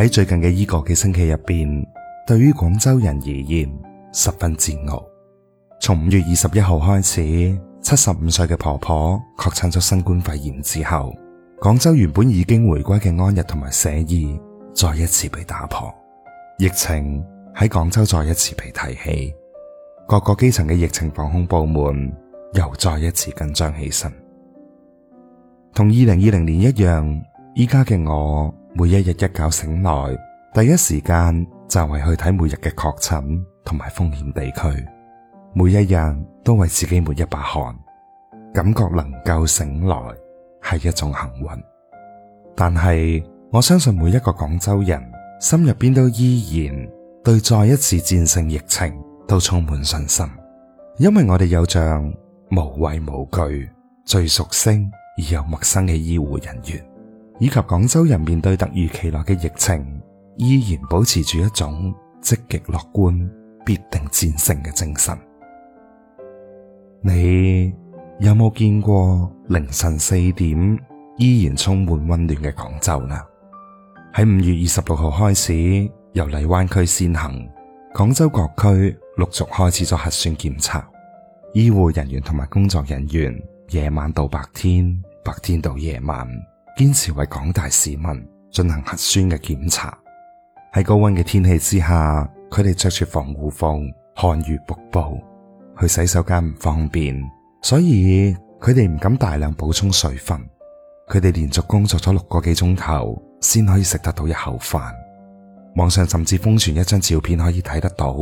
喺最近嘅呢個幾星期入邊，對於廣州人而言十分煎熬。從五月二十一號開始，七十五歲嘅婆婆確診咗新冠肺炎之後，廣州原本已經回歸嘅安逸同埋寫意，再一次被打破。疫情喺廣州再一次被提起，各個基層嘅疫情防控部門又再一次緊張起身。同二零二零年一樣，依家嘅我。每一日一覺醒來，第一時間就係去睇每日嘅確診同埋風險地區。每一日都為自己抹一把汗，感覺能夠醒來係一種幸運。但係我相信每一個廣州人心入邊都依然對再一次戰勝疫情都充滿信心，因為我哋有像無畏無懼、最熟悉而又陌生嘅醫護人員。以及廣州人面對突如其來嘅疫情，依然保持住一種積極樂觀、必定戰勝嘅精神。你有冇見過凌晨四點依然充滿温暖嘅廣州呢？喺五月二十六號開始，由荔灣區先行，廣州各區陸續開始咗核酸檢測。醫護人員同埋工作人員，夜晚到白天，白天到夜晚。堅持為廣大市民進行核酸嘅檢查。喺高溫嘅天氣之下，佢哋着住防護服，汗如瀑布。去洗手間唔方便，所以佢哋唔敢大量補充水分。佢哋連續工作咗六個幾鐘頭，先可以食得到一口飯。網上甚至瘋傳一張照片，可以睇得到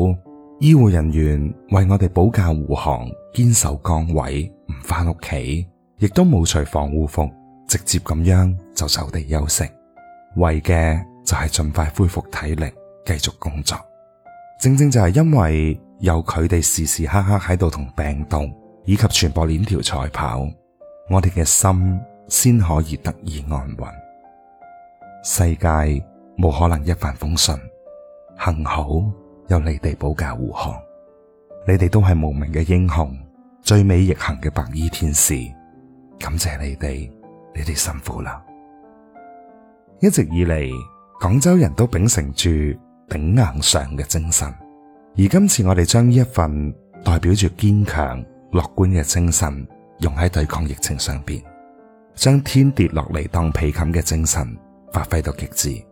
醫護人員為我哋保駕護航，堅守崗位，唔翻屋企，亦都冇除防護服。直接咁樣就就地休息，為嘅就係盡快恢復體力，繼續工作。正正就係因為有佢哋時時刻刻喺度同病毒以及傳播鏈條賽跑，我哋嘅心先可以得以安穩。世界冇可能一帆風順，幸好有你哋保駕護航。你哋都係無名嘅英雄，最美逆行嘅白衣天使，感謝你哋。你哋辛苦啦！一直以嚟，廣州人都秉承住頂硬上嘅精神。而今次我哋將呢一份代表住堅強、樂觀嘅精神，用喺對抗疫情上邊，將天跌落嚟當被冚嘅精神發揮到極致。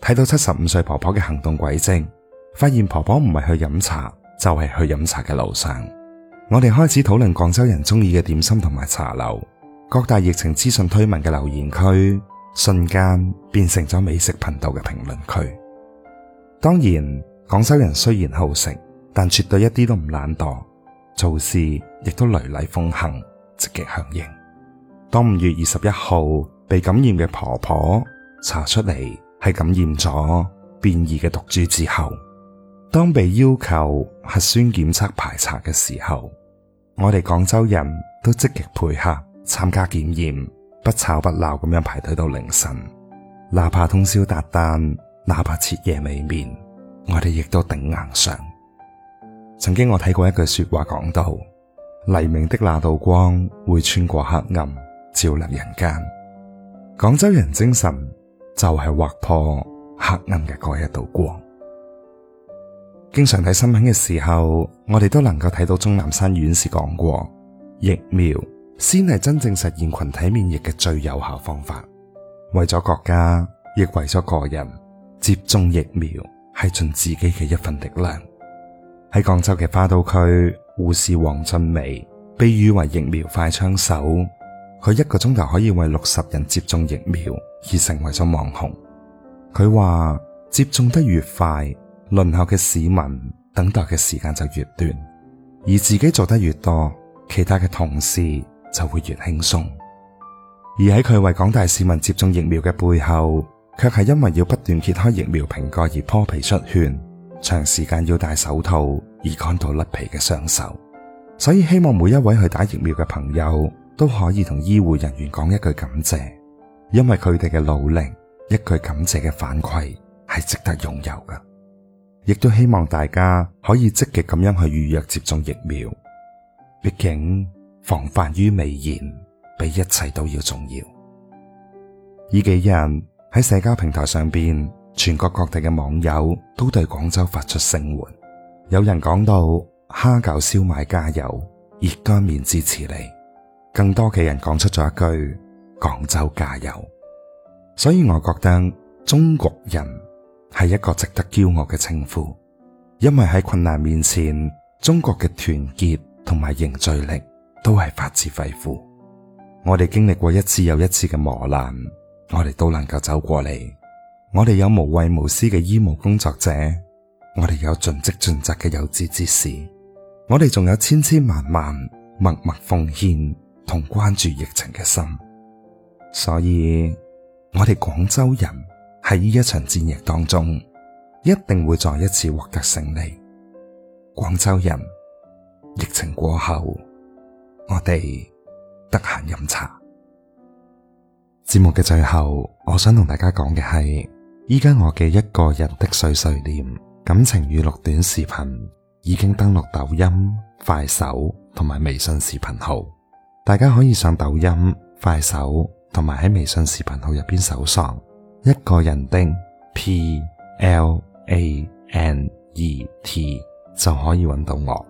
睇到七十五歲婆婆嘅行動軌跡，發現婆婆唔係去飲茶，就係去飲茶嘅路上。我哋開始討論廣州人中意嘅點心同埋茶樓。各大疫情資訊推文嘅留言區瞬間變成咗美食頻道嘅評論區。當然，廣州人雖然好食，但絕對一啲都唔懶惰，做事亦都雷厲風行，積極響應。當五月二十一號被感染嘅婆婆查出嚟係感染咗變異嘅毒株之後，當被要求核酸檢測排查嘅時候，我哋廣州人都積極配合。參加檢驗，不吵不鬧咁樣排隊到凌晨，哪怕通宵達旦，哪怕徹夜未眠，我哋亦都頂硬上。曾經我睇過一句說話，講到黎明的那道光會穿過黑暗，照亮人間。廣州人精神就係劃破黑暗嘅嗰一道光。經常睇新聞嘅時候，我哋都能夠睇到鍾南山院士講過疫苗。先係真正實現群體免疫嘅最有效方法。為咗國家，亦為咗個人，接種疫苗係盡自己嘅一份力量。喺廣州嘅花都區，護士王俊美被譽為疫苗快槍手，佢一個鐘頭可以為六十人接種疫苗，而成為咗網紅。佢話接種得越快，輪候嘅市民等待嘅時間就越短，而自己做得越多，其他嘅同事。就會越輕鬆。而喺佢為廣大市民接種疫苗嘅背後，卻係因為要不斷揭開疫苗瓶蓋而破皮出血，長時間要戴手套而乾到甩皮嘅雙手。所以希望每一位去打疫苗嘅朋友都可以同醫護人員講一句感謝，因為佢哋嘅努力，一句感謝嘅反饋係值得擁有噶。亦都希望大家可以積極咁樣去預約接種疫苗，畢竟。防範於未然比一切都要重要。呢幾日喺社交平台上邊，全國各地嘅網友都對廣州發出聲援。有人講到蝦餃燒賣加油，熱乾麵支持你。更多嘅人講出咗一句廣州加油。所以我覺得中國人係一個值得驕傲嘅稱呼，因為喺困難面前，中國嘅團結同埋凝聚力。都係發自肺腑。我哋經歷過一次又一次嘅磨難，我哋都能夠走過嚟。我哋有無畏無私嘅醫務工作者，我哋有盡職盡責嘅有志之士，我哋仲有千千萬萬默默奉獻同關注疫情嘅心。所以，我哋廣州人喺呢一場戰役當中，一定會再一次獲得勝利。廣州人，疫情過後。我哋得閒飲茶。節目嘅最後，我想同大家講嘅係，依家我嘅一個人的碎碎念感情語錄短視頻已經登錄抖音、快手同埋微信視頻號，大家可以上抖音、快手同埋喺微信視頻號入邊搜索一個人的 P L A N E T 就可以揾到我。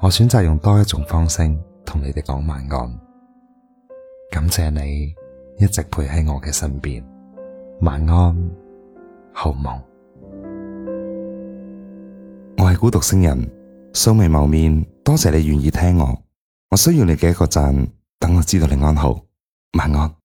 我選擇用多一種方式。同你哋講晚安，感謝你一直陪喺我嘅身邊，晚安，好夢。我係孤獨星人，素未謀面，多謝你願意聽我。我需要你嘅一個讚，等我知道你安好。晚安。